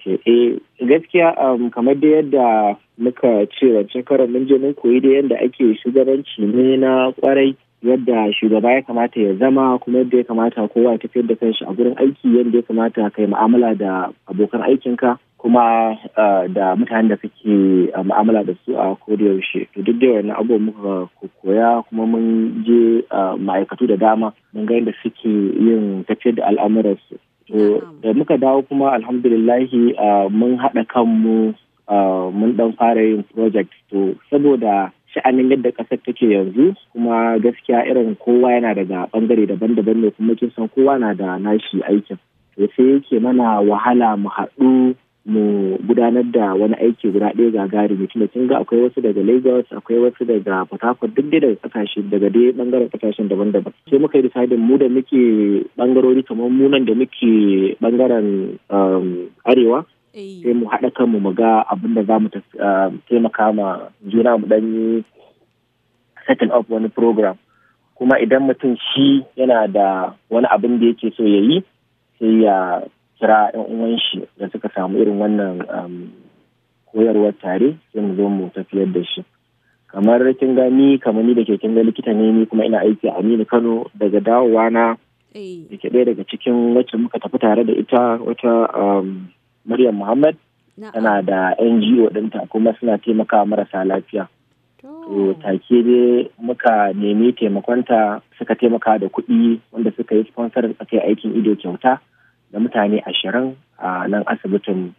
ke eh gaskiya um, kamar da yadda muka ce wancan karan mun je mun koyi da yadda ake shugabanci ne na kwarai yadda shugaba ya kamata ya zama kuma yadda ya kamata kowa ya tafiyar da kanshi a gurin aiki yadda ya kamata ka yi mu'amala da abokan aikinka kuma uh, da mutanen da suke uh, mu'amala da su a yaushe to duk da wannan abubuwan muka koya kuma mun je uh, ma'aikatu da dama mun ga yadda suke yin tafiyar da al'amuransu da muka dawo kuma alhamdulillahi ah, mun haɗa kanmu ah, mun ɗan fara yin project to saboda sha'anin yadda ƙasar take yanzu kuma gaskiya irin kowa yana daga ɓangare daban-daban ne kuma kin san kowa na da nashi aikin to sai yake mana wahala mu haɗu mu gudanar da wani aiki guda ɗaya gagarumi mutum da ga akwai wasu daga Lagos akwai wasu daga Port duk dai daga kasashe daga dai bangaren kasashen daban-daban sai muka yi decide mu da muke bangarori kamar mu nan da muke bangaren um, arewa eh. sai mu haɗa kanmu mu ga abin da za mu um, taimaka ma juna mu ɗan yi setting up wani program kuma idan mutum shi yana da wani abin da yake so ya yi sai ya kira yan uwan shi da suka samu irin wannan um, koyarwar tare sai mu zo mu tafiyar da shi kamar kin ga kamar ni da ke kin ga likita ne ni kuma ina aiki a Aminu Kano daga dawowa na eh. da ke ɗaya daga cikin wacce muka tafi tare da ita wata um, Maryam Muhammad tana da NGO ɗinta kuma suna taimaka marasa lafiya. To take dai muka nemi taimakonta suka taimaka da kuɗi wanda suka yi sponsor suka aikin ido kyauta. da mutane ashirin a ah, nan asibitin